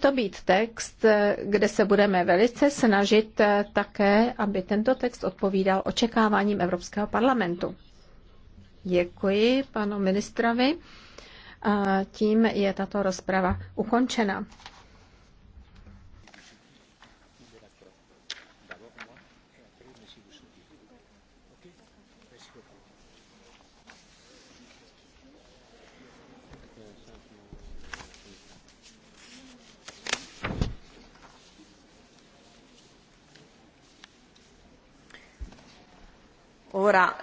to být text, kde se budeme velice snažit také, aby tento text odpovídal očekáváním Evropského parlamentu. Děkuji panu ministrovi. A tím je tato rozprava ukončena.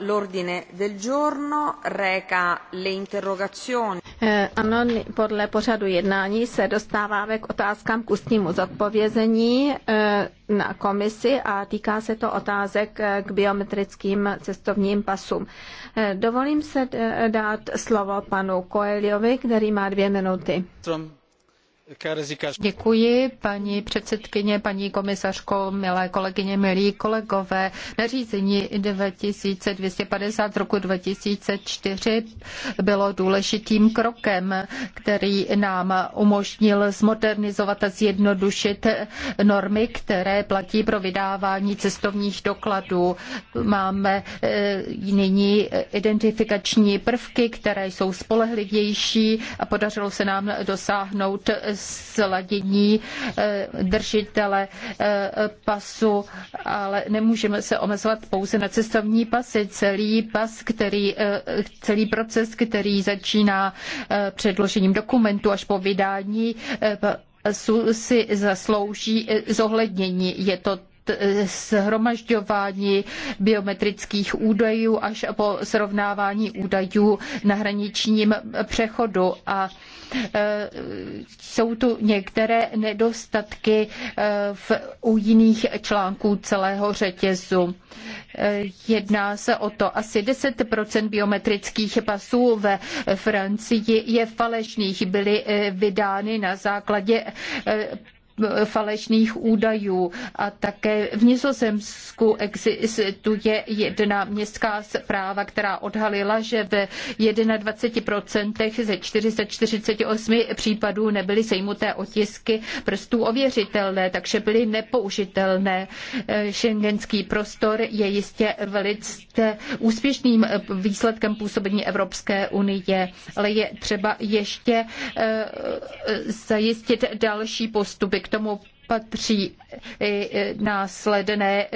l'ordine del giorno reca le interrogazioni. Eh, ano, podle pořadu jednání se dostáváme k otázkám k ústnímu zodpovězení eh, na komisi a týká se to otázek eh, k biometrickým cestovním pasům. Dovolím se dát slovo panu Koeliovi, který má dvě minuty. Trump. Děkuji, paní předsedkyně, paní komisařko, milé kolegyně, milí kolegové. Nařízení 2250 roku 2004 bylo důležitým krokem, který nám umožnil zmodernizovat a zjednodušit normy, které platí pro vydávání cestovních dokladů. Máme eh, nyní identifikační prvky, které jsou spolehlivější a podařilo se nám dosáhnout sladění eh, držitele eh, pasu, ale nemůžeme se omezovat pouze na cestovní pasy. Celý pas, který, eh, celý proces, který začíná předložením dokumentu až po vydání, si zaslouží zohlednění. Je to shromažďování biometrických údajů až po srovnávání údajů na hraničním přechodu. A e, jsou tu některé nedostatky e, v, u jiných článků celého řetězu. E, jedná se o to, asi 10% biometrických pasů ve Francii je falešných, byly vydány na základě falešných údajů a také v Nizozemsku existuje jedna městská zpráva, která odhalila, že ve 21% ze 448 případů nebyly sejmuté otisky prstů ověřitelné, takže byly nepoužitelné. Schengenský prostor je jistě velice úspěšným výsledkem působení Evropské unie, ale je třeba ještě eh, zajistit další postupy, k tomu patří i následné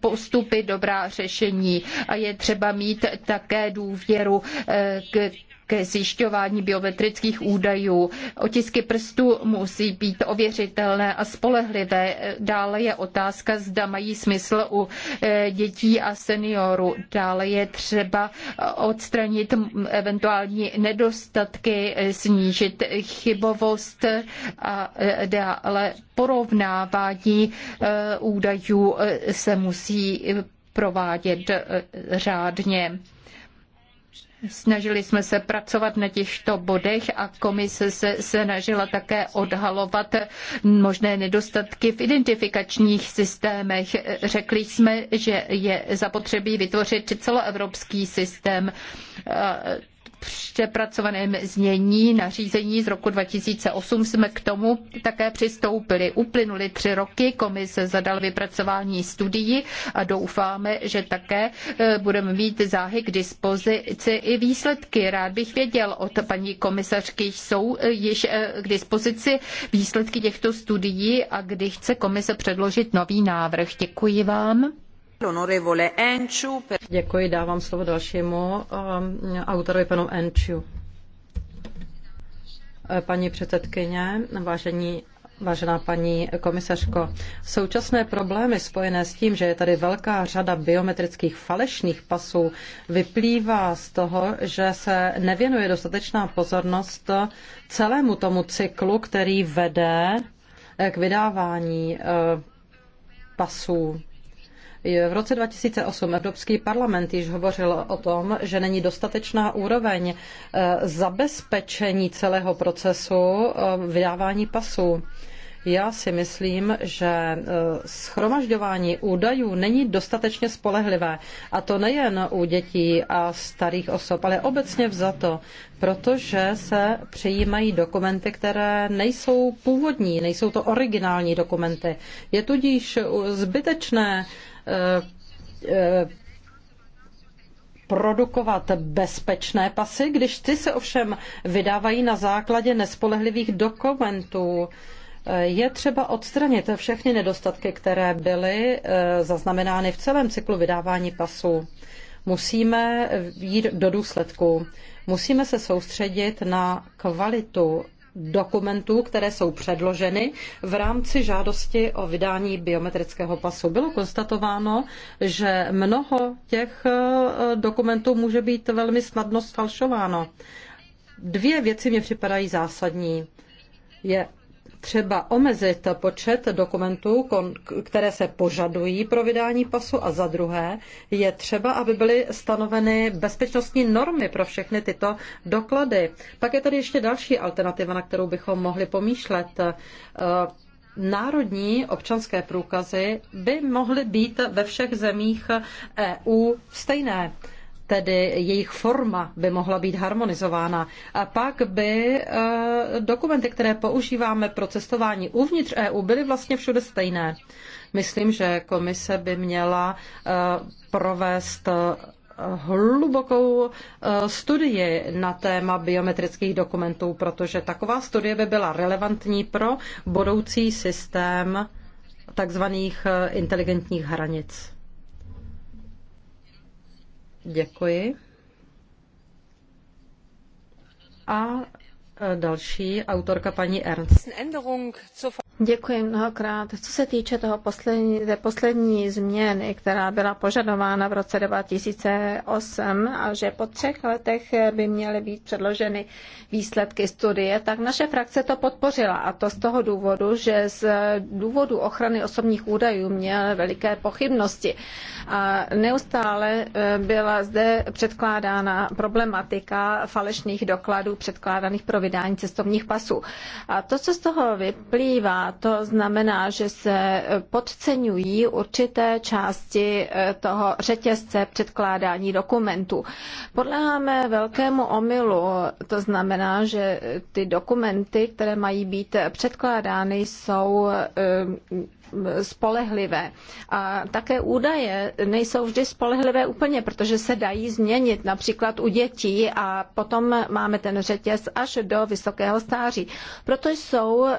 postupy, dobrá řešení a je třeba mít také důvěru k ke zjišťování biometrických údajů. Otisky prstů musí být ověřitelné a spolehlivé. Dále je otázka, zda mají smysl u eh, dětí a seniorů. Dále je třeba odstranit eventuální nedostatky, eh, snížit chybovost a eh, dále porovnávání údajů se musí provádět řádně. Snažili jsme se pracovat na těchto bodech a komise se snažila také odhalovat možné nedostatky v identifikačních systémech. Řekli jsme, že je zapotřebí vytvořit celoevropský systém přepracovaném znění nařízení z roku 2008 jsme k tomu také přistoupili. Uplynuly tři roky, komise zadal vypracování studií a doufáme, že také e, budeme mít záhy k dispozici i výsledky. Rád bych věděl od paní komisařky, jsou e, již e, k dispozici výsledky těchto studií a kdy chce komise předložit nový návrh. Děkuji vám. Děkuji, dávám slovo dalšímu um, autorovi panu Enču. Eh, paní předsedkyně, vážení Vážená paní komisařko, současné problémy spojené s tím, že je tady velká řada biometrických falešných pasů, vyplývá z toho, že se nevěnuje dostatečná pozornost celému tomu cyklu, který vede eh, k vydávání eh, pasů v roce 2008 Evropský parlament již hovořil o tom, že není dostatečná úroveň eh, zabezpečení celého procesu eh, vydávání pasů. Já si myslím, že eh, schromažďování údajů není dostatečně spolehlivé. A to nejen u dětí a starých osob, ale obecně vzato, protože se přijímají dokumenty, které nejsou původní, nejsou to originální dokumenty. Je tudíž zbytečné Eh, eh, produkovat bezpečné pasy, když ty se ovšem vydávají na základě nespolehlivých dokumentů. Eh, je třeba odstranit všechny nedostatky, které byly zaznamenány v celém cyklu vydávání pasů. Musíme jít do důsledku. Musíme se soustředit na kvalitu dokumentů, které jsou předloženy v rámci žádosti o vydání biometrického pasu. Bylo konstatováno, že mnoho těch eh, dokumentů může být velmi snadno sfalšováno. Dvě věci mě připadají zásadní. Je třeba omezit počet dokumentů, které se požadují pro vydání pasu a za druhé je třeba, aby byly stanoveny bezpečnostní normy pro všechny tyto doklady. Pak je tady ještě další alternativa, na kterou bychom mohli pomýšlet. Eh, národní občanské průkazy by mohly být ve všech zemích EU eh, e stejné tedy jejich forma by mohla být harmonizována. A pak by eh, dokumenty, které používáme pro cestování uvnitř EU, byly vlastně všude stejné. Myslím, že komise by měla eh, provést eh, hlubokou studii na téma biometrických dokumentů, protože taková studie by byla relevantní pro budoucí systém takzvaných inteligentních hranic. Děkuji. A Další autorka paní Ernst. Děkuji mnohokrát. Co se týče toho poslední, té poslední změny, která byla požadována v roce 2008 a že po třech letech by měly být předloženy výsledky studie, tak naše frakce to podpořila a to z toho důvodu, že z důvodu ochrany osobních údajů měl veliké pochybnosti. A neustále e, byla zde předkládána problematika falešných dokladů předkládaných pro vydání vydání cestovních pasů. A to, co z toho vyplývá, to znamená, že se podceňují určité části eh, toho řetězce předkládání dokumentů. Podléháme velkému omylu, to znamená, že ty dokumenty, které mají být předkládány, jsou eh, spolehlivé. A také údaje nejsou vždy spolehlivé úplně, protože se dají změnit například u dětí a potom máme ten řetěz až do svého vysokého stáří. Proto jsou e,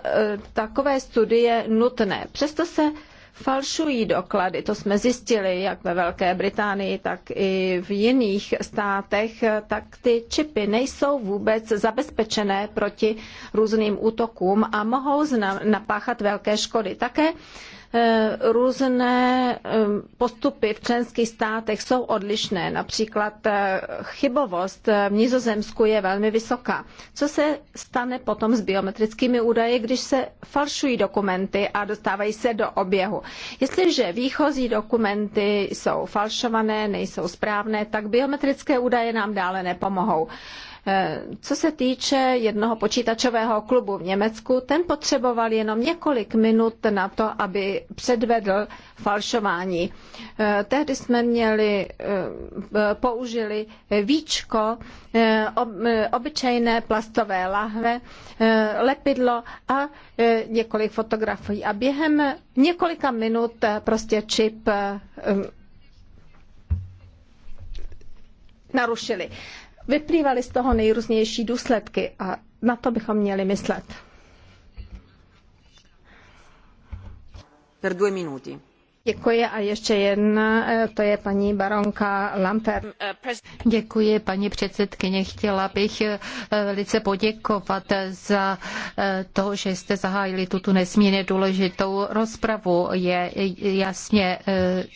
takové studie nutné. Přesto se falšují doklady. To jsme zjistili jak ve Velké Británii, tak i v jiných státech, e, tak ty čipy nejsou vůbec zabezpečené proti různým útokům a mohou napáchat velké škody. Také Eh, různé postupy v členských státech jsou odlišné. Například eh, chybovost eh, v Nizozemsku je velmi vysoká. Co se stane potom s biometrickými údaji, když se falšují dokumenty a dostávají se do oběhu? Jestliže výchozí dokumenty jsou falšované, nejsou správné, tak biometrické údaje nám dále nepomohou. Eh, co se týče jednoho počítačového klubu v Německu, ten potřeboval jenom několik minut na to, aby předvedl falšování. Eh, tehdy jsme měli, eh, použili víčko, obyčejné plastové lahve, lepidlo a několik fotografií. A během několika minut prostě čip narušili vyplývaly z toho nejrůznější důsledky a na to bychom měli myslet. Per dvě minuty. Děkuji a ještě jedna, eh, to je paní baronka Lamper. Děkuji, paní předsedkyně. Chtěla bych eh, velice poděkovat za eh, to, že jste zahájili tuto nesmírně důležitou rozpravu. Je jasně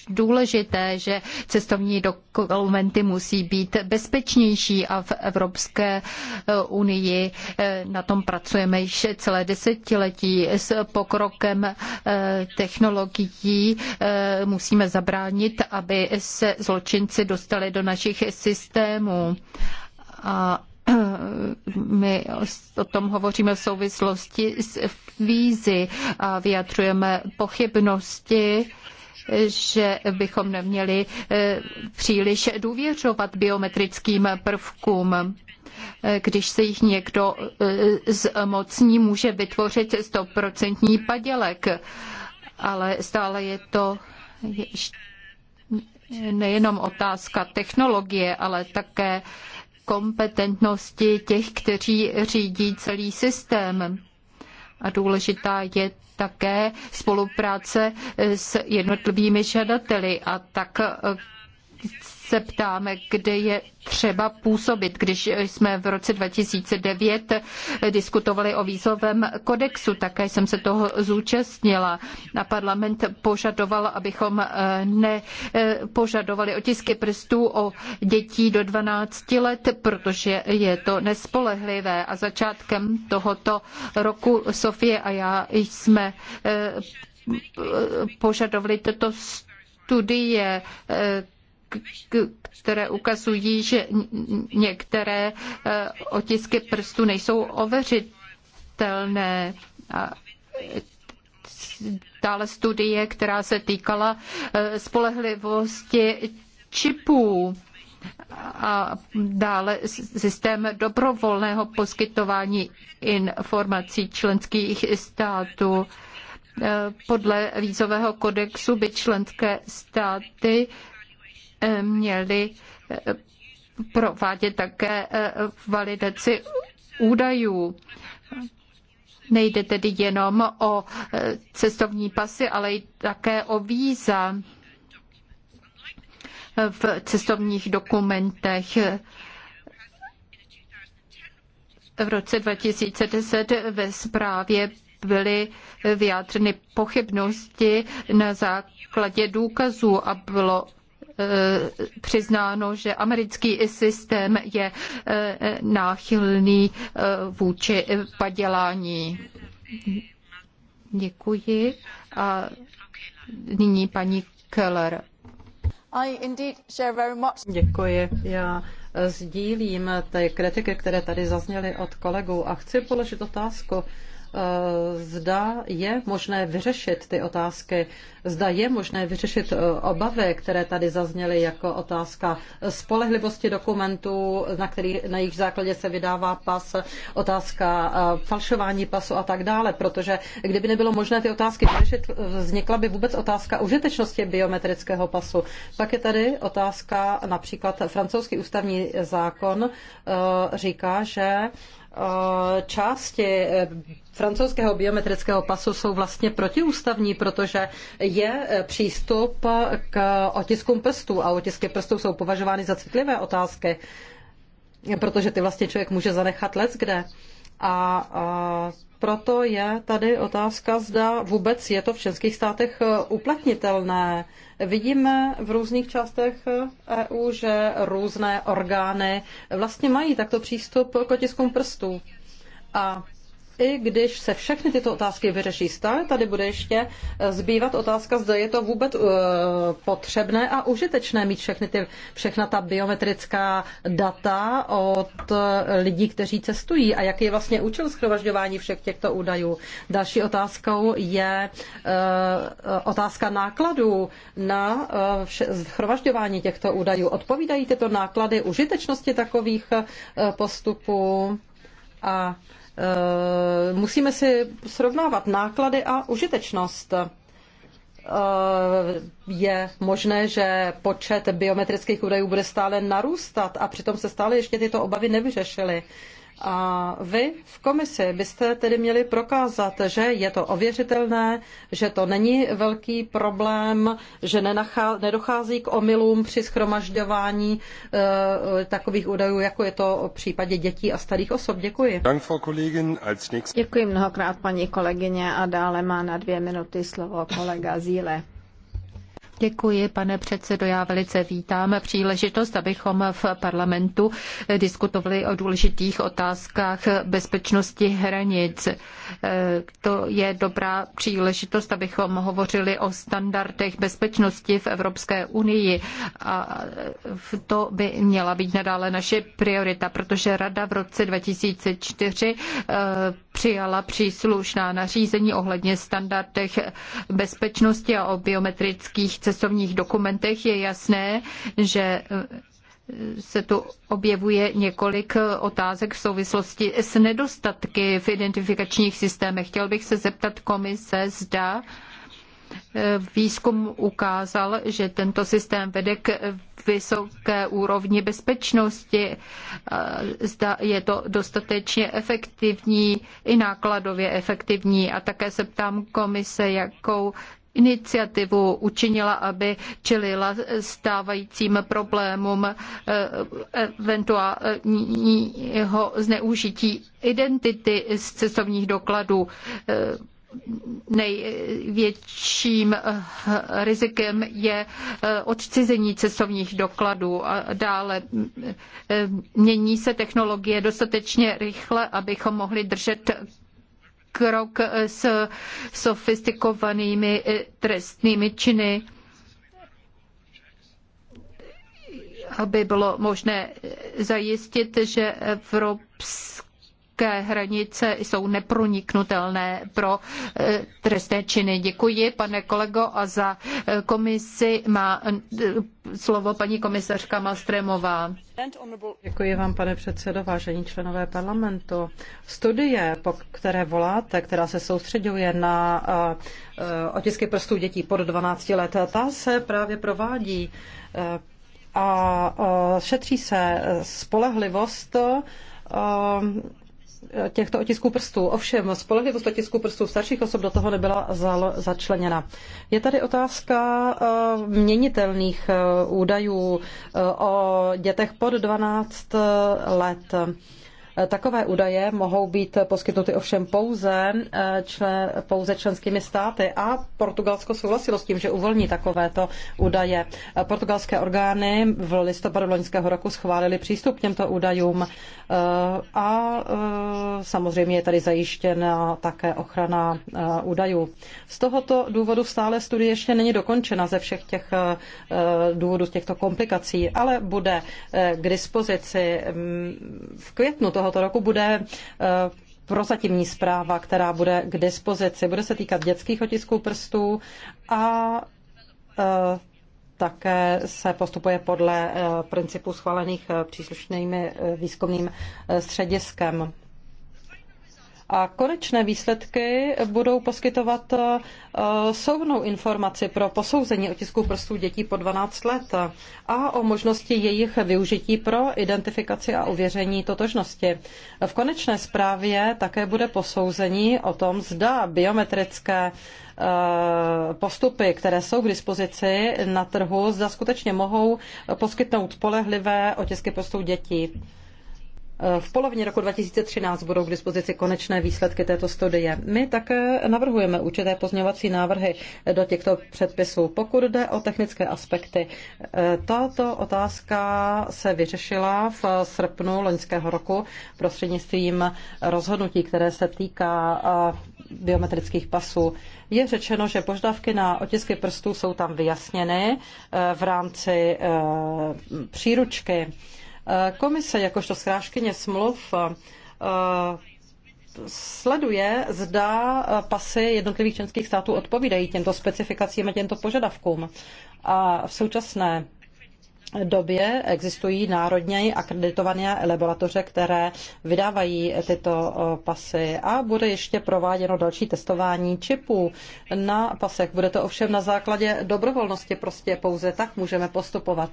důležité, že cestovní dokumenty musí být bezpečnější a v Evropské unii na tom pracujeme již celé desetiletí s pokrokem technologií Eh, musíme zabránit, aby se zločinci dostali do našich systémů. A eh, my o tom hovoříme v souvislosti s vízy a vyjadřujeme pochybnosti, že bychom neměli eh, příliš důvěřovat biometrickým prvkům. Když se jich někdo zmocní, může vytvořit stoprocentní padělek ale stále je to nejenom otázka technologie, ale také kompetentnosti těch, kteří řídí celý systém. A důležitá je také spolupráce s jednotlivými žadateli a tak se ptáme, kde je třeba působit. Když jsme v roce 2009 diskutovali o výzovém kodexu, také jsem se toho zúčastnila a parlament požadoval, abychom eh, nepožadovali otisky prstů o dětí do 12 let, protože je to nespolehlivé. A začátkem tohoto roku Sofie a já jsme eh, požadovali toto studie, eh, které ukazují, že některé e, otisky prstů nejsou ověřitelné. E, dále studie, která se týkala e, spolehlivosti čipů a dále systém dobrovolného poskytování informací členských států. Podle vízového kodexu by členské státy Eh, měli eh, provádět také eh, validaci údajů. Nejde tedy jenom o cestovní pasy, ale i také o víza v cestovních dokumentech. V roce 2010 ve zprávě byly vyjádřeny pochybnosti na základě důkazů a bylo Eh, přiznáno, že americký systém je eh, náchylný eh, vůči padělání. Děkuji. A nyní paní Keller. Děkuji. Já sdílím ty kritiky, které tady zazněly od kolegů a chci položit otázku Eh, zda je možné vyřešit ty otázky, zda je možné vyřešit eh, obavy, které tady zazněly jako otázka spolehlivosti dokumentů, na, který, na jejich základě se vydává pas, otázka eh, falšování pasu a tak dále, protože kdyby nebylo možné ty otázky vyřešit, vznikla by vůbec otázka užitečnosti biometrického pasu. Pak je tady otázka například francouzský ústavní zákon říká, že Eh, části eh, francouzského biometrického pasu jsou vlastně protiústavní, protože je eh, přístup k otiskům prstů a otisky prstů jsou považovány za citlivé otázky, protože ty vlastně člověk může zanechat let kde. A, a proto je tady otázka, zda vůbec je to v českých státech eh, uplatnitelné. Vidíme v různých částech EU, eh, e že různé orgány vlastně mají takto přístup k otiskům prstů. A i když se všechny tyto otázky vyřeší stále, tady bude ještě eh, zbývat otázka, zda je to vůbec uh, potřebné a užitečné mít všechny ty, všechna ta biometrická data od eh, lidí, kteří cestují a jaký je vlastně účel schromažďování všech těchto údajů. Další otázkou je uh, otázka nákladů na uh, těchto údajů. Odpovídají tyto náklady užitečnosti takových uh, postupů? A Eh, musíme si srovnávat náklady a užitečnost. Eh, je možné, že počet biometrických údajů bude stále narůstat a přitom se stále ještě tyto obavy nevyřešily. A vy v komisi byste tedy měli prokázat, že je to ověřitelné, že to není velký problém, že nenachá, nedochází k omylům při schromažďování e, takových údajů, jako je to v případě dětí a starých osob. Děkuji. Děkuji mnohokrát, paní kolegyně, a dále má na dvě minuty slovo kolega Zíle. Děkuji, pane předsedo. Já velice vítám příležitost, abychom v parlamentu diskutovali o důležitých otázkách bezpečnosti hranic. To je dobrá příležitost, abychom hovořili o standardech bezpečnosti v Evropské unii. A to by měla být nadále naše priorita, protože Rada v roce 2004 eh, přijala příslušná nařízení ohledně standardech bezpečnosti a o biometrických cestovních dokumentech, je jasné, že eh, se tu objevuje několik otázek v souvislosti s nedostatky v identifikačních systémech. Chtěl bych se zeptat komise, zda Výzkum ukázal, že tento systém vede k vysoké úrovni bezpečnosti. Zda je to dostatečně efektivní, i nákladově efektivní. A také se ptám komise, jakou iniciativu učinila, aby čelila stávajícím problémům eh, eventuálního zneužití identity z cestovních dokladů. Eh, největším eh, rizikem je eh, odcizení cestovních dokladů a dále eh, mění se technologie dostatečně rychle, abychom mohli držet krok s sofistikovanými trestnými činy, aby bylo možné zajistit, že Evropská jaké hranice jsou neproniknutelné pro eh, trestné činy. Děkuji, pane kolego, a za eh, komisi má eh, slovo paní komisařka Malstrémová. Děkuji vám, pane předsedo, vážení členové parlamentu. Studie, po které voláte, která se soustředuje na otisky prstů dětí pod 12 let, ta se právě provádí a šetří se spolehlivost těchto otisků prstů. Ovšem, spolehlivost otisků prstů starších osob do toho nebyla začleněna. Je tady otázka eh, měnitelných eh, údajů eh, o dětech pod 12 let. Takové údaje mohou být poskytnuty ovšem pouze, eh, člen, pouze členskými státy a Portugalsko souhlasilo s tím, že uvolní takovéto údaje. Eh, portugalské orgány v listopadu loňského roku schválili přístup k těmto údajům eh, a samozřejmě je tady zajištěna také ochrana údajů. Z tohoto důvodu stále studie ještě není dokončena ze všech těch důvodů, z těchto komplikací, ale bude k dispozici mm, v květnu toho tohoto roku bude eh, prozatímní zpráva, která bude k dispozici. Bude se týkat dětských otisků prstů a eh, také se postupuje podle eh, principů schválených příslušnými výzkumným střediskem. A konečné výsledky budou poskytovat eh, soudnou informaci pro posouzení otisků prstů dětí po 12 let a o možnosti jejich využití pro identifikaci a uvěření totožnosti. V konečné zprávě také bude posouzení o tom, zda biometrické eh, postupy, které jsou k dispozici na trhu, zda skutečně mohou poskytnout spolehlivé otisky prstů dětí. Eh, v polovině roku 2013 budou k dispozici konečné výsledky této studie. My také navrhujeme určité pozměňovací návrhy do těchto předpisů. Pokud jde o technické aspekty, eh, tato otázka se vyřešila v srpnu loňského roku prostřednictvím rozhodnutí, které se týká eh, biometrických pasů. Je řečeno, že požadavky na otisky prstů jsou tam vyjasněny v rámci příručky Eh, komise jakožto schrážkyně smluv eh, sleduje, zda eh, pasy jednotlivých členských států odpovídají těmto specifikacím a těmto požadavkům. A v současné době existují národně akreditované laboratoře, které vydávají tyto pasy a bude ještě prováděno další testování čipů na pasech. Bude to ovšem na základě dobrovolnosti prostě pouze tak můžeme postupovat.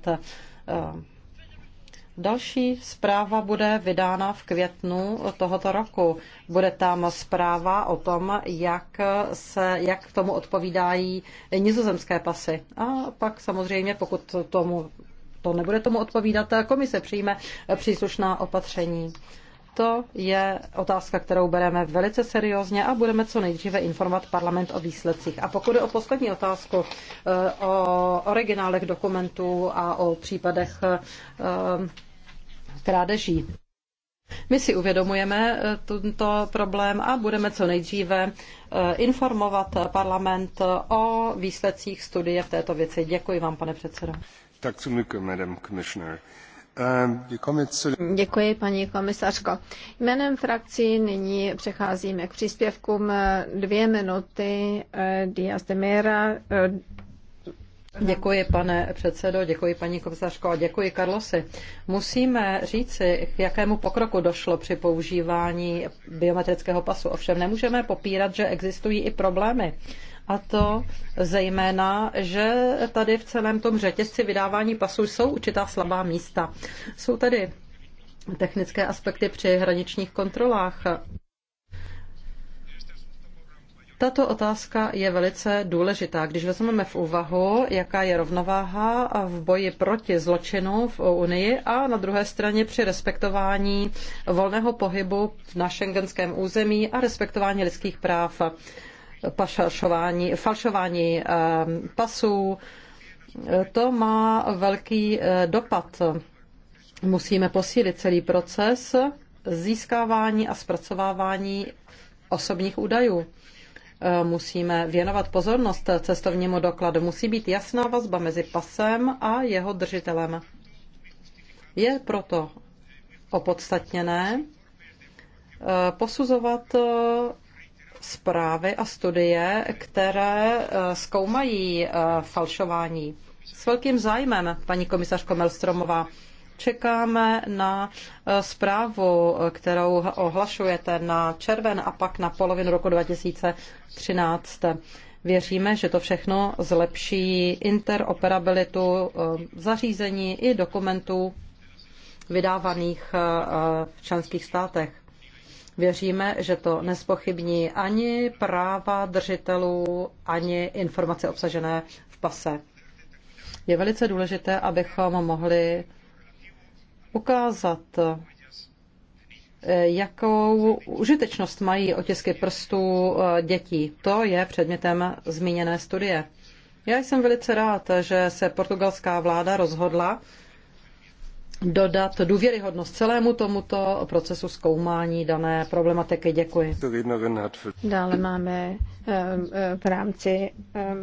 Další zpráva bude vydána v květnu tohoto roku. Bude tam zpráva o tom, jak, se, jak k tomu odpovídají nizozemské pasy. A pak samozřejmě, pokud tomu, to nebude tomu odpovídat, komise přijme příslušná opatření. To je otázka, kterou bereme velice seriózně a budeme co nejdříve informovat parlament o výsledcích. A pokud je o poslední otázku, eh, o originálech dokumentů a o případech eh, krádeží. My si uvědomujeme eh, tento problém a budeme co nejdříve eh, informovat parlament eh, o výsledcích studie v této věci. Děkuji vám, pane předsedo. Tak co madam commissioner. Děkuji, paní komisařko. Jménem frakcí nyní přecházíme k příspěvkům dvě minuty Diaz de Mera, Děkuji, pane předsedo, děkuji, paní komisařko a děkuji, Karlosi. Musíme říci, k jakému pokroku došlo při používání biometrického pasu. Ovšem nemůžeme popírat, že existují i problémy. A to zejména, že tady v celém tom řetězci vydávání pasů jsou určitá slabá místa. Jsou tady technické aspekty při hraničních kontrolách. Tato otázka je velice důležitá. Když vezmeme v úvahu, jaká je rovnováha v boji proti zločinu v Unii a na druhé straně při respektování volného pohybu na šengenském území a respektování lidských práv, pašašování, falšování eh, pasů, to má velký eh, dopad. Musíme posílit celý proces získávání a zpracovávání osobních údajů. Eh, musíme věnovat pozornost cestovnímu dokladu. Musí být jasná vazba mezi pasem a jeho držitelem. Je proto opodstatněné eh, posuzovat eh, zprávy a studie, které zkoumají falšování. S velkým zájmem, paní komisařko Melstromová, Čekáme na eh, zprávu, kterou ohlašujete na červen a pak na polovinu roku 2013. Věříme, že to všechno zlepší interoperabilitu eh, zařízení i dokumentů vydávaných eh, v členských státech. Věříme, že to nespochybní ani práva držitelů, ani informace obsažené v pase. Je velice důležité, abychom mohli ukázat, eh, jakou užitečnost mají otisky prstů eh, dětí. To je předmětem zmíněné studie. Já jsem velice rád, že se portugalská vláda rozhodla dodat důvěryhodnost celému tomuto procesu zkoumání dané problematiky. Děkuji. Dále máme eh, v rámci eh,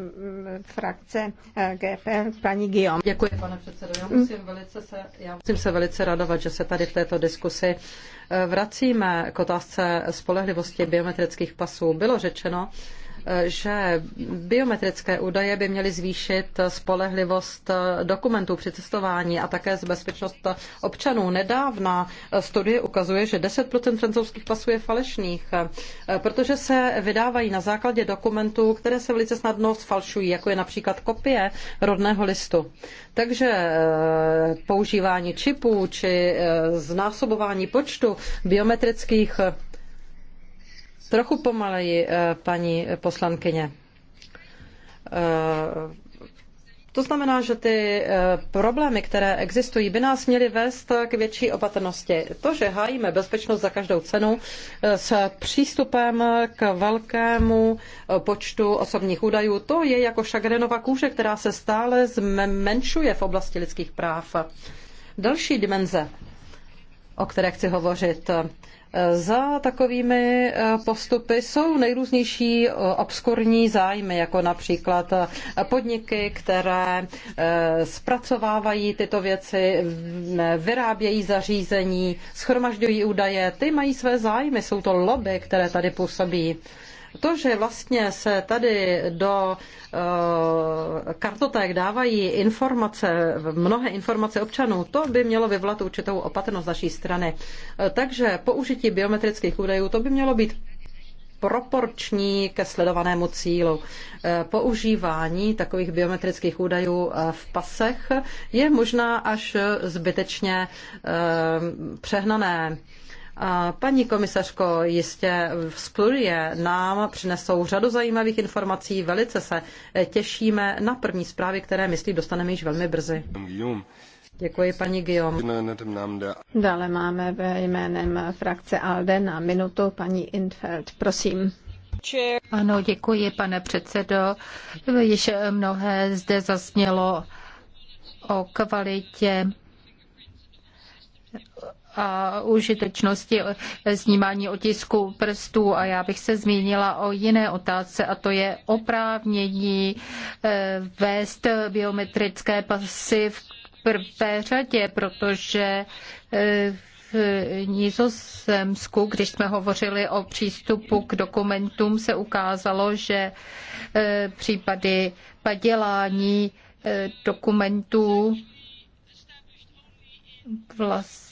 frakce eh, GP paní Guillaume. Děkuji, pane předsedo. Já musím, velice se, já musím se velice radovat, že se tady v této diskusi vracíme k otázce spolehlivosti biometrických pasů. Bylo řečeno, že biometrické údaje by měly zvýšit spolehlivost dokumentů při cestování a také z bezpečnost občanů. Nedávna studie ukazuje, že 10% francouzských pasů je falešných, protože se vydávají na základě dokumentů, které se velice snadno sfalšují, jako je například kopie rodného listu. Takže eh, používání čipů či eh, znásobování počtu biometrických Trochu pomaleji, eh, paní poslankyně. Eh, to znamená, že ty eh, problémy, které existují, by nás měly vést k větší opatrnosti. To, že hájíme bezpečnost za každou cenu s přístupem k velkému počtu osobních údajů, to je jako šagrenova kůže, která se stále zmenšuje v oblasti lidských práv. Další dimenze o které chci hovořit. Za takovými eh, postupy jsou nejrůznější eh, obskurní zájmy, jako například eh, podniky, které zpracovávají tyto věci, vyrábějí zařízení, schromažďují údaje, ty mají své zájmy, jsou to lobby, které tady působí. To, že vlastně se tady do eh, kartoték dávají informace, mnohé informace občanů, to by mělo vyvolat určitou opatrnost naší strany. Eh, takže použití biometrických údajů, to by mělo být proporční ke sledovanému cílu. Eh, používání takových biometrických údajů v pasech je možná až zbytečně přehnané. Paní komisařko, jistě v studie nám přinesou řadu zajímavých informací. Velice se eh, těšíme na první zprávy, které, myslím, dostaneme již velmi brzy. Děkuji, paní Guillaume. Dále máme ve jménem frakce ALDE na minutu paní Infeld. Prosím. Ano, děkuji, pane předsedo. Již mnohé zde zasnělo o kvalitě a užitečnosti snímání otisku prstů a já bych se zmínila o jiné otázce a to je oprávnění eh, vést biometrické pasy v prvé řadě, protože eh, v Nizozemsku, když jsme hovořili o přístupu k dokumentům, se ukázalo, že eh, případy padělání dokumentů vlastně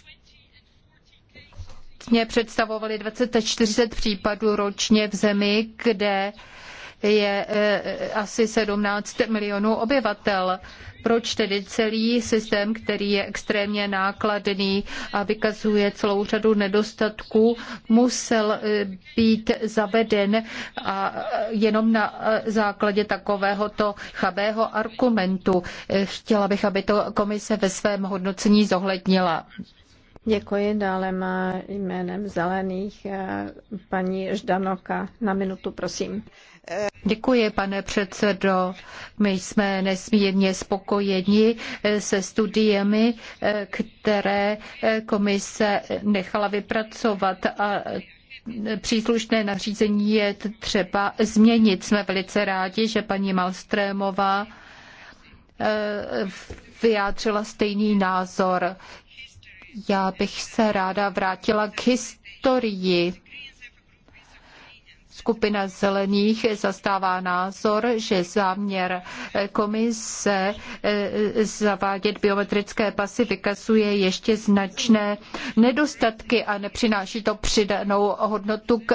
ročně vlastně představovaly 20 případů ročně v zemi, kde je eh, asi 17 milionů obyvatel. Proč tedy celý systém, který je extrémně nákladný a vykazuje celou řadu nedostatků, musel eh, být zaveden a eh, jenom na základě takovéhoto chabého argumentu. Chtěla bych, aby to komise ve svém hodnocení zohlednila. Děkuji. Dále má jménem zelených eh, paní Ždanoka na minutu, prosím. Děkuji, pane předsedo. My jsme nesmírně spokojeni eh, se studiemi, eh, které komise nechala vypracovat a příslušné nařízení je třeba změnit. Jsme velice rádi, že paní Malstrémová vyjádřila stejný názor. Já bych se ráda vrátila k historii. Skupina zelených zastává názor, že záměr komise eh, zavádět biometrické pasy vykazuje ještě značné nedostatky a nepřináší to přidanou hodnotu k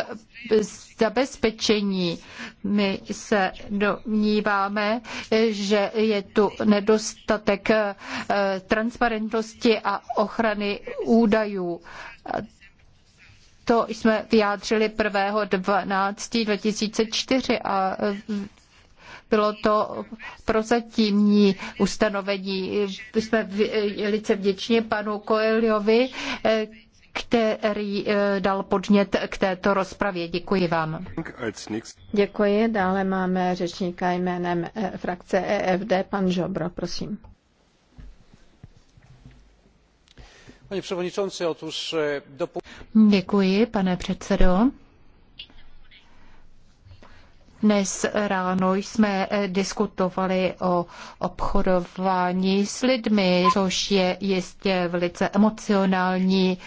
zabezpečení. My se domníváme, že je tu nedostatek eh, transparentnosti a ochrany údajů to jsme vyjádřili 1. 2004 a e, bylo to prozatímní ustanovení. Jsme e, velice vděční panu Koeliovi, e, který dal podnět k této rozpravě. Děkuji vám. Děkuji. Dále máme řečníka jménem frakce EFD, pan Žobro, prosím. przewodniczący, otóż e, Děkuji, pane předsedo. Dnes ráno jsme e, diskutovali o obchodování s lidmi, což je jistě velice emocionální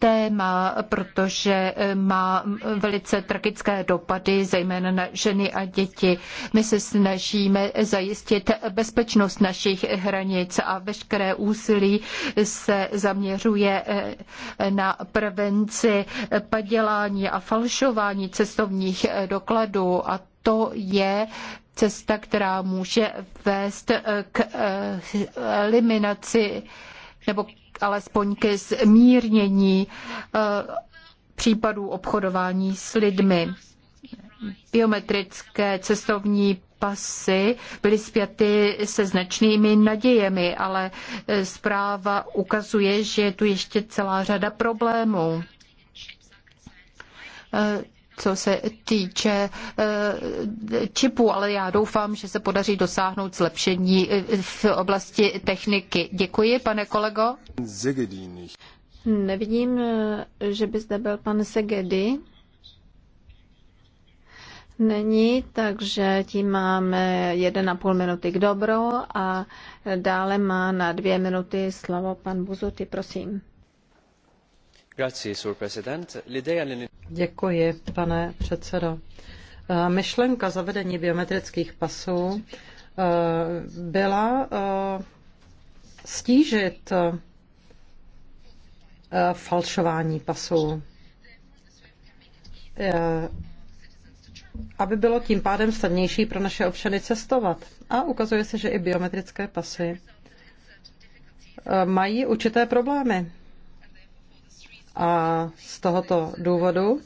téma, protože eh, má velice tragické dopady, zejména na ženy a děti. My se snažíme zajistit bezpečnost našich hranic a veškeré úsilí se zaměřuje eh, na prevenci padělání a falšování cestovních eh, dokladů a to je cesta, která může vést k eliminaci nebo alespoň ke zmírnění eh, případů obchodování s lidmi. Biometrické cestovní pasy byly spjaty se značnými nadějemi, ale eh, zpráva ukazuje, že je tu ještě celá řada problémů eh, co se týče eh, čipů, ale já doufám, že se podaří dosáhnout zlepšení eh, v oblasti techniky. Děkuji, pane kolego. Nevidím, eh, že by zde byl pan Segedy. Není, takže tím máme 1,5 minuty k dobro a dále má na dvě minuty slovo pan Buzuty, prosím. Děkuji, pane předsedo. Eh, myšlenka zavedení biometrických pasů eh, byla eh, stížit falšování pasů, aby bylo tím pádem snadnější pro naše občany cestovat. A ukazuje se, že i biometrické pasy mají určité problémy a z tohoto důvodu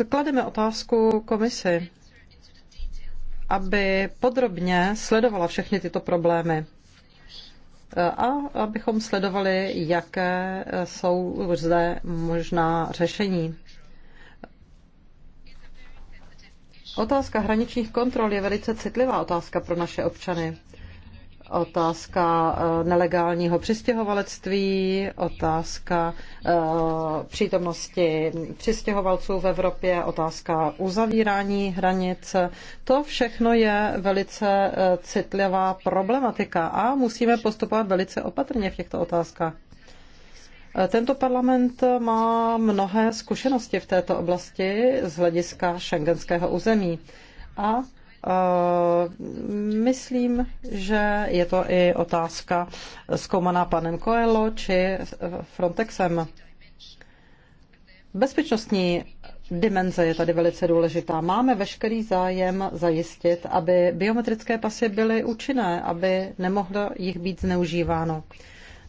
eh, klademe otázku komisi, aby podrobně sledovala všechny tyto problémy eh, a abychom sledovali, jaké jsou zde možná řešení. Otázka hraničních kontrol je velice citlivá otázka pro naše občany otázka eh, nelegálního přistěhovalectví, otázka eh, přítomnosti přistěhovalců v Evropě, otázka uzavírání hranic. To všechno je velice eh, citlivá problematika a musíme postupovat velice opatrně v těchto otázkách. Tento parlament má mnohé zkušenosti v této oblasti z hlediska šengenského území a Eh, myslím, že je to i otázka zkoumaná panem Coelho či Frontexem. Bezpečnostní dimenze je tady velice důležitá. Máme veškerý zájem zajistit, aby biometrické pasy byly účinné, aby nemohlo jich být zneužíváno.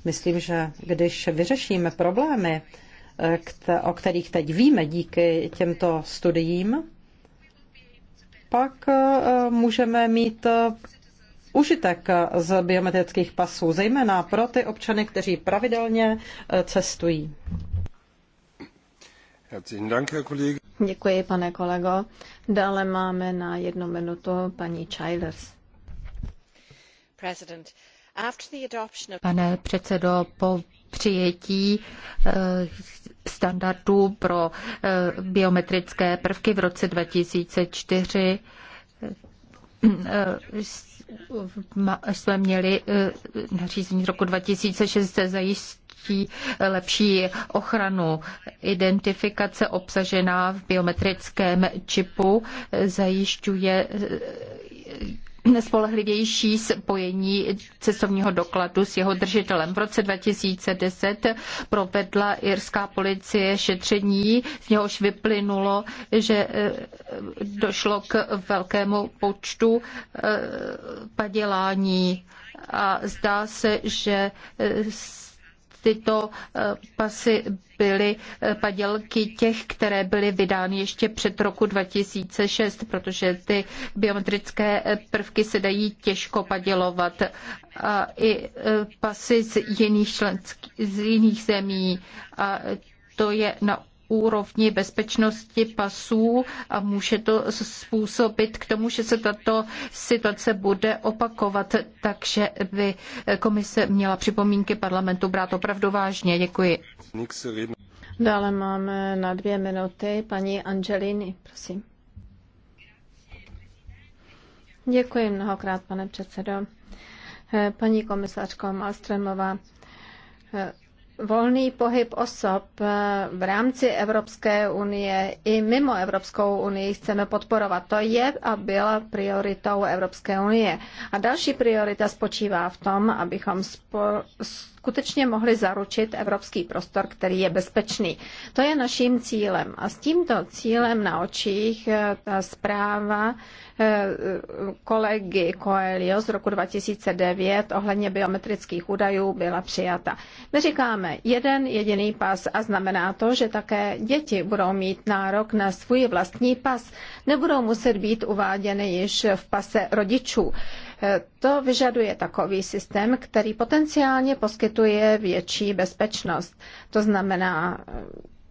Myslím, že když vyřešíme problémy, eh, o kterých teď víme díky těmto studiím, pak eh, můžeme mít eh, užitek z biometrických pasů, zejména pro ty občany, kteří pravidelně eh, cestují. Děkuji, pane kolego. Dále máme na jednu minutu paní Childers. President. Pane předsedo, po přijetí eh, standardů pro eh, biometrické prvky v roce 2004 eh, jsme měli nařízení z roku 2006 zajistí lepší ochranu. Identifikace obsažená v biometrickém čipu zajišťuje spolehlivější spojení cestovního dokladu s jeho držitelem. V roce 2010 provedla irská policie šetření, z něhož vyplynulo, že eh, došlo k velkému počtu eh, padělání a zdá se, že tyto eh, pasy byly eh, padělky těch, které byly vydány ještě před roku 2006, protože ty biometrické eh, prvky se dají těžko padělovat. A i pasy z jiných, z jiných zemí. A to je na úrovni bezpečnosti pasů a může to způsobit k tomu, že se tato situace bude opakovat, takže by komise měla připomínky parlamentu brát opravdu vážně. Děkuji. Dále máme na dvě minuty paní Angelini, prosím. Děkuji mnohokrát, pane předsedo. Paní komisařko Malstremová, volný pohyb osob eh, v rámci Evropské unie i mimo Evropskou unii chceme podporovat. To je a byla prioritou Evropské unie. A další priorita spočívá v tom, abychom skutečně mohli zaručit evropský prostor, který je bezpečný. To je naším cílem. A s tímto cílem na očích eh, ta zpráva eh, kolegy Coelho z roku 2009 ohledně biometrických údajů byla přijata. My říkáme jeden jediný pas a znamená to, že také děti budou mít nárok na svůj vlastní pas. Nebudou muset být uváděny již v pase rodičů. To vyžaduje takový systém, který potenciálně poskytuje větší bezpečnost. To znamená,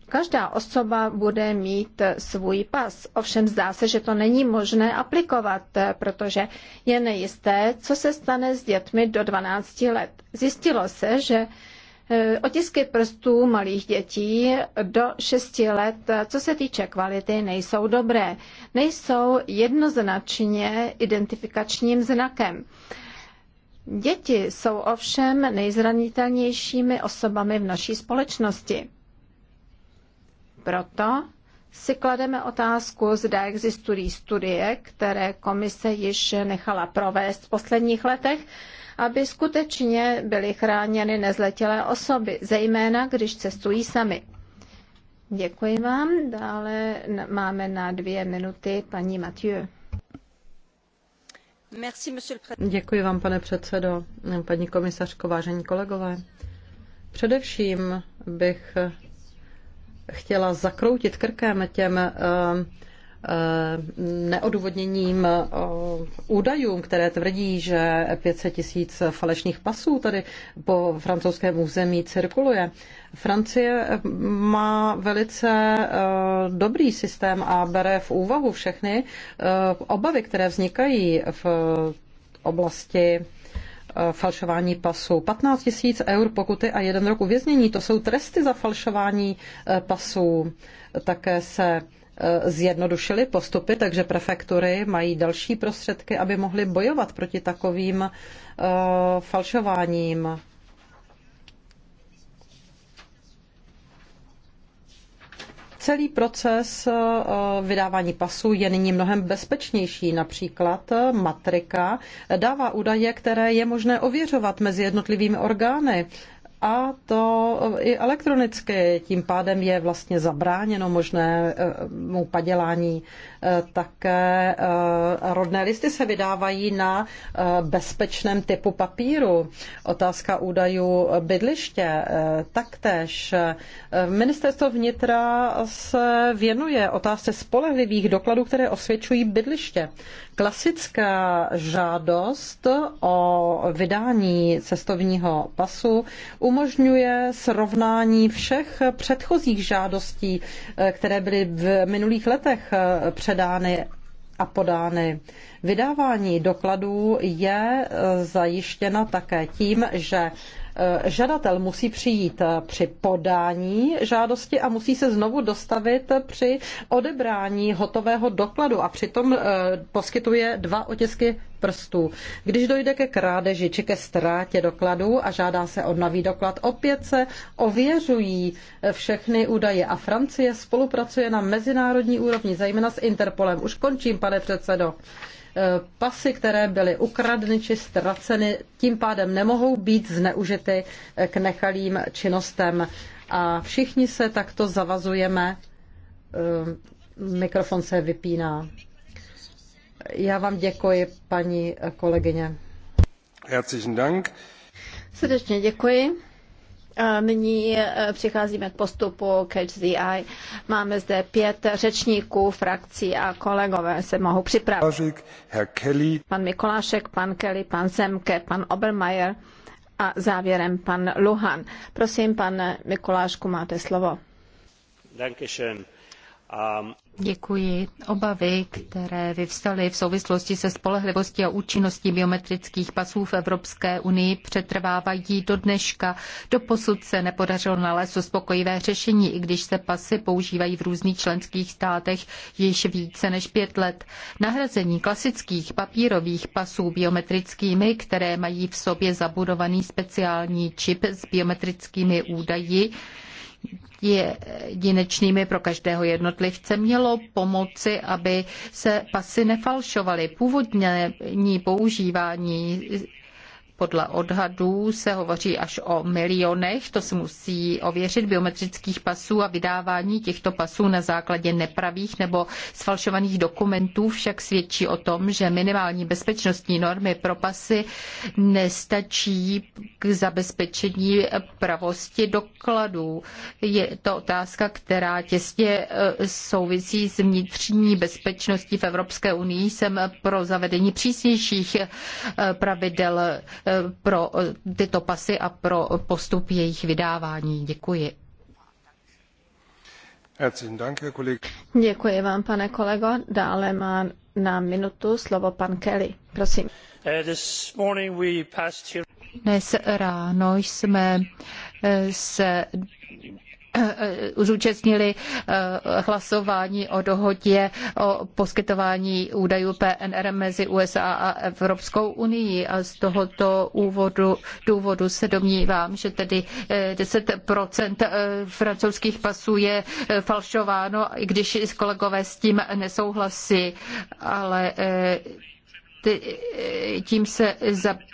Každá osoba bude mít svůj pas. Ovšem zdá se, že to není možné aplikovat, protože je nejisté, co se stane s dětmi do 12 let. Zjistilo se, že Eh, otisky prstů malých dětí do 6 let, co se týče kvality, nejsou dobré. Nejsou jednoznačně identifikačním znakem. Děti jsou ovšem nejzranitelnějšími osobami v naší společnosti. Proto si klademe otázku, zda existují studie, které komise již nechala provést v posledních letech, aby skutečně byly chráněny nezletilé osoby, zejména když cestují sami. Děkuji vám. Dále máme na dvě minuty paní Mathieu. Děkuji vám, pane předsedo, paní komisařko, vážení kolegové. Především bych chtěla zakroutit krkem těm eh, Eh, neodůvodněním eh, údajům, které tvrdí, že 500 tisíc falešných pasů tady po francouzském území cirkuluje. Francie eh, má velice dobrý systém a bere v úvahu všechny obavy, které vznikají v oblasti falšování pasu. 15 tisíc eur pokuty a jeden rok uvěznění. To jsou tresty za falšování pasů. Také se Eh, zjednodušili postupy, takže prefektury mají další prostředky, aby mohly bojovat proti takovým eh, falšováním. Celý proces eh, vydávání pasů je nyní mnohem bezpečnější. Například matrika dává údaje, které je možné ověřovat mezi jednotlivými orgány a to i elektronicky. Tím pádem je vlastně zabráněno možnému padělání. E, také e, rodné listy se vydávají na e, bezpečném typu papíru. Otázka údajů bydliště taktéž. Ministerstvo vnitra se věnuje otázce spolehlivých dokladů, které osvědčují bydliště. Klasická žádost o vydání cestovního pasu umožňuje srovnání všech předchozích žádostí, které byly v minulých letech předány a podány. Vydávání dokladů je zajištěna také tím, že Eh, žadatel musí přijít eh, při podání žádosti a musí se znovu dostavit při odebrání hotového dokladu a přitom eh, poskytuje dva otisky prstů. Když dojde ke krádeži či ke ztrátě dokladu a žádá se o nový doklad, opět se ověřují všechny údaje a Francie spolupracuje na mezinárodní úrovni, zejména s Interpolem. Už končím, pane předsedo. Eh, pasy, které byly ukradeny či ztraceny, tím pádem nemohou být zneužity eh, k nechalým činnostem. A všichni se takto zavazujeme. Eh, mikrofon se vypíná. Já vám děkuji, paní kolegyně. Herzlichen Dank. Srdečně děkuji. Nyní e, přicházíme k postupu Catch the Eye. Máme zde pět řečníků, frakcí a kolegové se mohou připravit. Pan Mikolášek, pan Kelly, pan Zemke, pan Obermeier a závěrem pan Luhan. Prosím, pan Mikolášku, máte slovo. Děkuji. Um, Děkuji. Obavy, které vyvstaly v souvislosti se spolehlivostí a účinností biometrických pasů v Evropské unii, přetrvávají do dneška. Doposud se nepodařilo nalézt uspokojivé řešení, i když se pasy používají v různých členských státech již více než pět let. Nahrazení klasických papírových pasů biometrickými, které mají v sobě zabudovaný speciální čip s biometrickými údaji, jedinečnými pro každého jednotlivce mělo pomoci, aby se pasy nefalšovaly. Původní používání podle odhadů se hovoří až o milionech, to se musí ověřit, biometrických pasů a vydávání těchto pasů na základě nepravých nebo sfalšovaných dokumentů však svědčí o tom, že minimální bezpečnostní normy pro pasy nestačí k zabezpečení pravosti dokladů. Je to otázka, která těsně e, souvisí s vnitřní bezpečností v Evropské unii. Jsem pro zavedení přísnějších e, pravidel pro eh, tyto pasy a pro postup jejich vydávání. Děkuji. Děkuji vám, pane kolego. Dále má na minutu slovo pan Kelly. Prosím. Eh, Dnes ráno jsme eh, se Eh, zúčastnili eh, hlasování o dohodě o poskytování údajů PNR mezi USA a Evropskou unii a z tohoto úvodu, důvodu se domnívám, že tedy 10% eh, francouzských pasů je falšováno, i když kolegové s tím nesouhlasí, ale tím se zabývá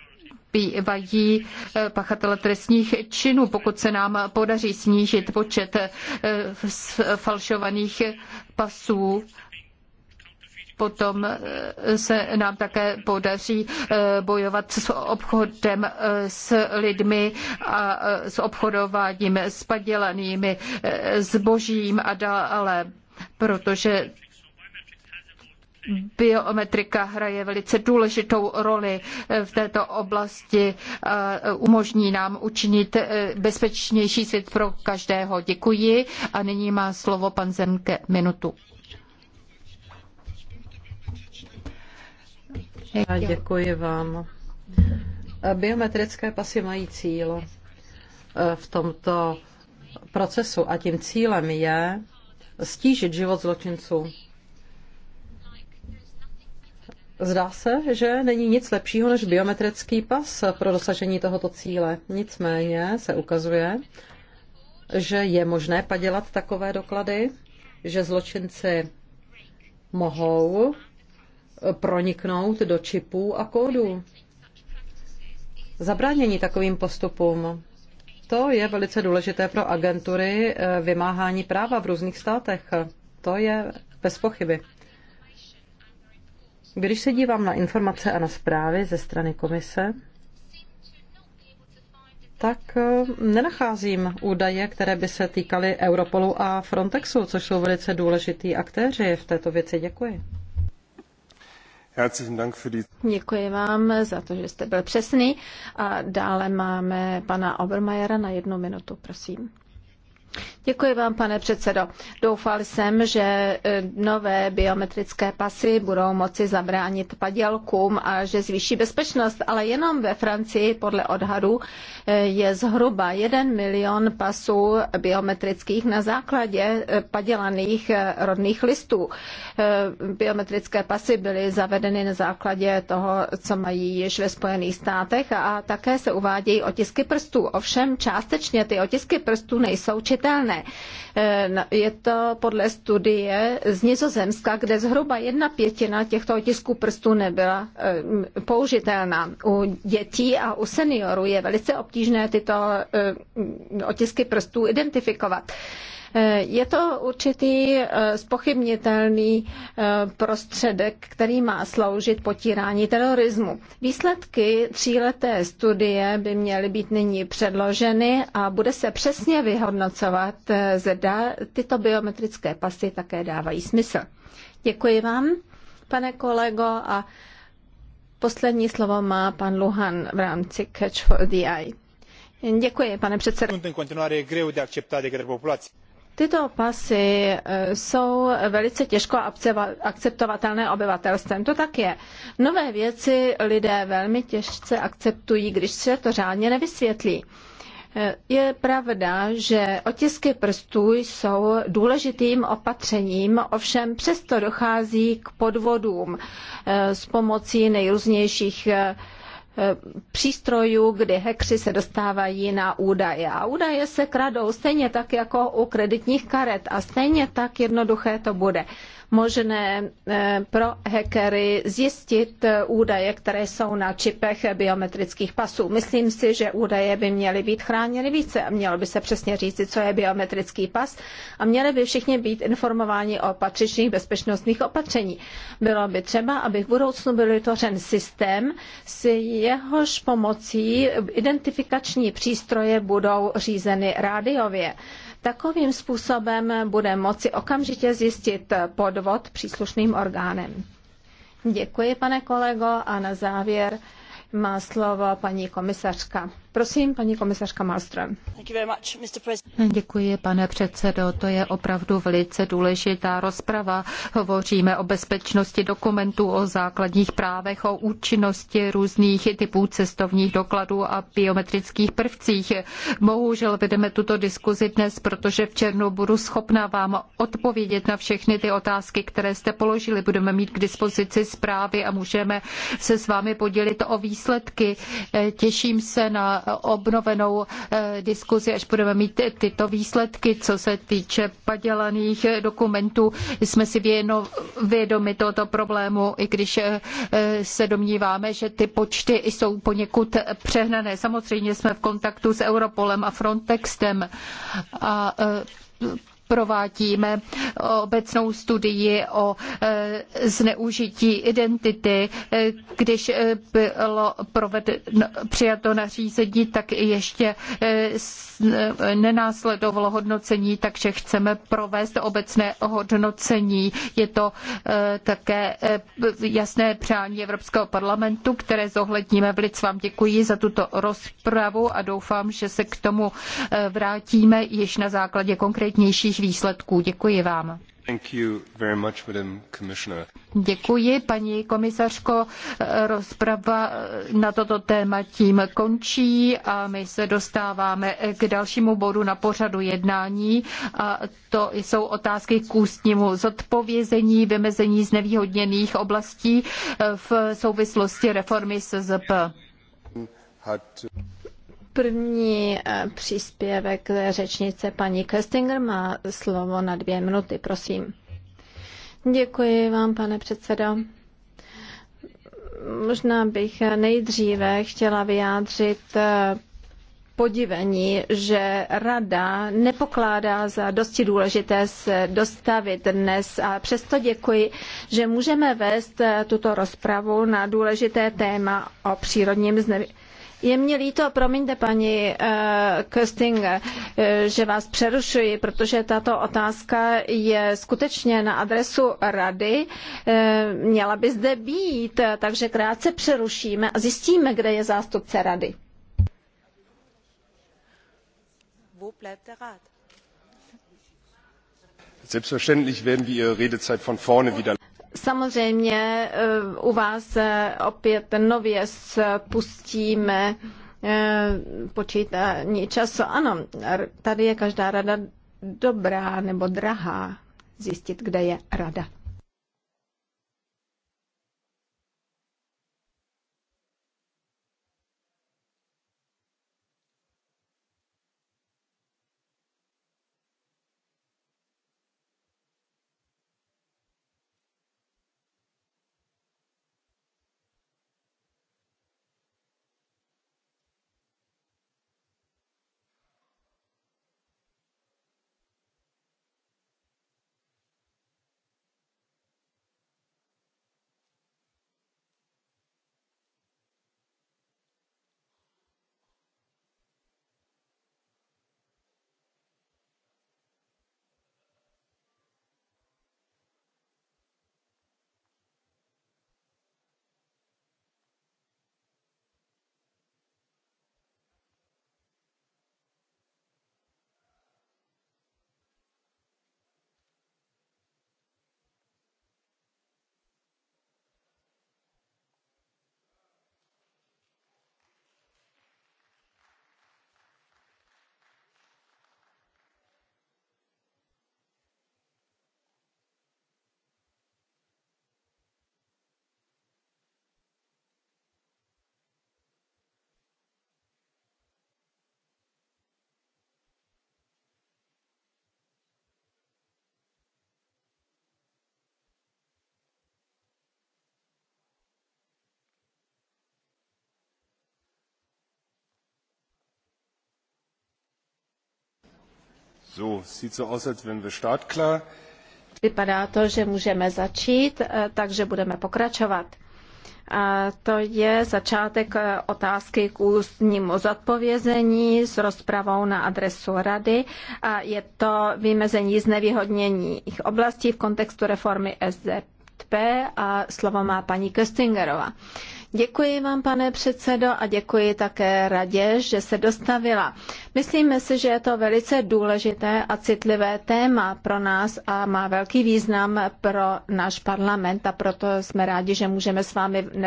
zabývají eh, pachatele trestních činů. Pokud se nám podaří snížit počet eh, falšovaných pasů, potom eh, se nám také podaří bojovat s obchodem s lidmi a s obchodováním s padělanými zbožím a dále protože biometrika hraje velice důležitou roli eh, v této oblasti. Eh, umožní nám učinit eh, bezpečnější svět pro každého. Děkuji a nyní má slovo pan Zemke minutu. Já děkuji vám. Biometrické pasy mají cíl v tomto procesu a tím cílem je stížit život zločinců Zdá se, že není nic lepšího než biometrický pas pro dosažení tohoto cíle. Nicméně se ukazuje, že je možné padělat takové doklady, že zločinci mohou proniknout do čipů a kódů. Zabránění takovým postupům. To je velice důležité pro agentury eh, vymáhání práva v různých státech. To je bez pochyby. Když se dívám na informace a na zprávy ze strany komise, tak eh, nenacházím údaje, které by se týkaly Europolu a Frontexu, což jsou velice důležitý aktéři v této věci. Děkuji. Děkuji vám za to, že jste byl přesný. A dále máme pana Obermajera na jednu minutu, prosím. Děkuji vám, pane předsedo. Doufal jsem, že e, nové biometrické pasy budou moci zabránit padělkům a že zvýší bezpečnost, ale jenom ve Francii podle odhadu e, je zhruba jeden milion pasů biometrických na základě e, padělaných rodných listů. Biometrické pasy byly zavedeny na základě toho, co mají již ve Spojených státech a také se uvádějí otisky prstů. Ovšem částečně ty otisky prstů nejsou čitelné zřetelné. E, je to podle studie z Nizozemska, kde zhruba jedna pětina těchto otisků prstů nebyla e, použitelná. U dětí a u seniorů je velice obtížné tyto e, otisky prstů identifikovat. Je to určitý eh, spochybnitelný eh, prostředek, který má sloužit potírání terorismu. Výsledky tříleté studie by měly být nyní předloženy a bude se přesně vyhodnocovat, eh, zda tyto biometrické pasy také dávají smysl. Děkuji vám, pane kolego, a poslední slovo má pan Luhan v rámci Catch for the Eye. Děkuji, pane předsedo. Tyto pasy eh, jsou velice těžko akceptovatelné obyvatelstvem. To tak je. Nové věci lidé velmi těžce akceptují, když se to řádně nevysvětlí. Eh, je pravda, že otisky prstů jsou důležitým opatřením, ovšem přesto dochází k podvodům eh, s pomocí nejrůznějších přístrojů, kdy hekři se dostávají na údaje. A údaje se kradou stejně tak jako u kreditních karet a stejně tak jednoduché to bude možné eh, pro hackery zjistit eh, údaje, které jsou na čipech biometrických pasů. Myslím si, že údaje by měly být chráněny více a mělo by se přesně říci, co je biometrický pas a měli by všichni být informováni o patřičných bezpečnostních opatření. Bylo by třeba, aby v budoucnu byl vytvořen systém, s jehož pomocí identifikační přístroje budou řízeny rádiově. Takovým způsobem bude moci okamžitě zjistit podvod příslušným orgánem. Děkuji, pane kolego, a na závěr má slovo paní komisařka. Prosím, paní komisařka Malström. Děkuji, pane předsedo. To je opravdu velice důležitá rozprava. Hovoříme o bezpečnosti dokumentů, o základních právech, o účinnosti různých typů cestovních dokladů a biometrických prvcích. Bohužel vedeme tuto diskuzi dnes, protože v červnu budu schopna vám odpovědět na všechny ty otázky, které jste položili. Budeme mít k dispozici zprávy a můžeme se s vámi podělit o výsledky. Těším se na obnovenou eh, diskuzi, až budeme mít tyto výsledky, co se týče padělaných dokumentů. Jsme si vědomi tohoto problému, i když eh, se domníváme, že ty počty jsou poněkud přehnané. Samozřejmě jsme v kontaktu s Europolem a Frontextem a eh, provádíme obecnou studii o e, zneužití identity. E, když e, bylo proveden, přijato nařízení, tak ještě nenásledovalo hodnocení, takže chceme provést obecné hodnocení. Je to také jasné přání Evropského parlamentu, které zohledníme v Vám děkuji za tuto rozpravu a doufám, že se k tomu vrátíme již na základě konkrétnějších dobrých výsledků. Děkuji vám. Much, Děkuji, paní komisařko. Rozprava na toto téma tím končí a my se dostáváme k dalšímu bodu na pořadu jednání. A to jsou otázky k ústnímu zodpovězení, vymezení znevýhodněných oblastí v souvislosti reformy SZP. První eh, příspěvek řečnice paní Kestinger má slovo na dvě minuty, prosím. Děkuji vám, pane předsedo. Možná bych nejdříve chtěla vyjádřit eh, podivení, že rada nepokládá za dosti důležité se dostavit dnes a přesto děkuji, že můžeme vést eh, tuto rozpravu na důležité téma o přírodním znečištění je mě líto, promiňte paní eh, Köstinger, eh, že vás přerušuji, protože tato otázka je skutečně na adresu rady. Eh, měla by zde být, takže krátce přerušíme a zjistíme, kde je zástupce rady. Selbstverständlich werden wir Ihre Redezeit von vorne wieder Samozřejmě eh, u vás opět nově spustíme eh, počítání času. Ano, tady je každá rada dobrá nebo drahá zjistit, kde je rada. Vypadá to, že můžeme začít, eh, takže budeme pokračovat. A to je začátek eh, otázky k ústnímu zodpovězení s rozpravou na adresu rady a je to vymezení znevýhodněných oblastí v kontextu reformy SZP a slovo má paní Köstingerová. Děkuji vám, pane předsedo, a děkuji také radě, že se dostavila. Myslíme si, že je to velice důležité a citlivé téma pro nás a má velký význam pro náš parlament a proto jsme rádi, že můžeme s vámi dnes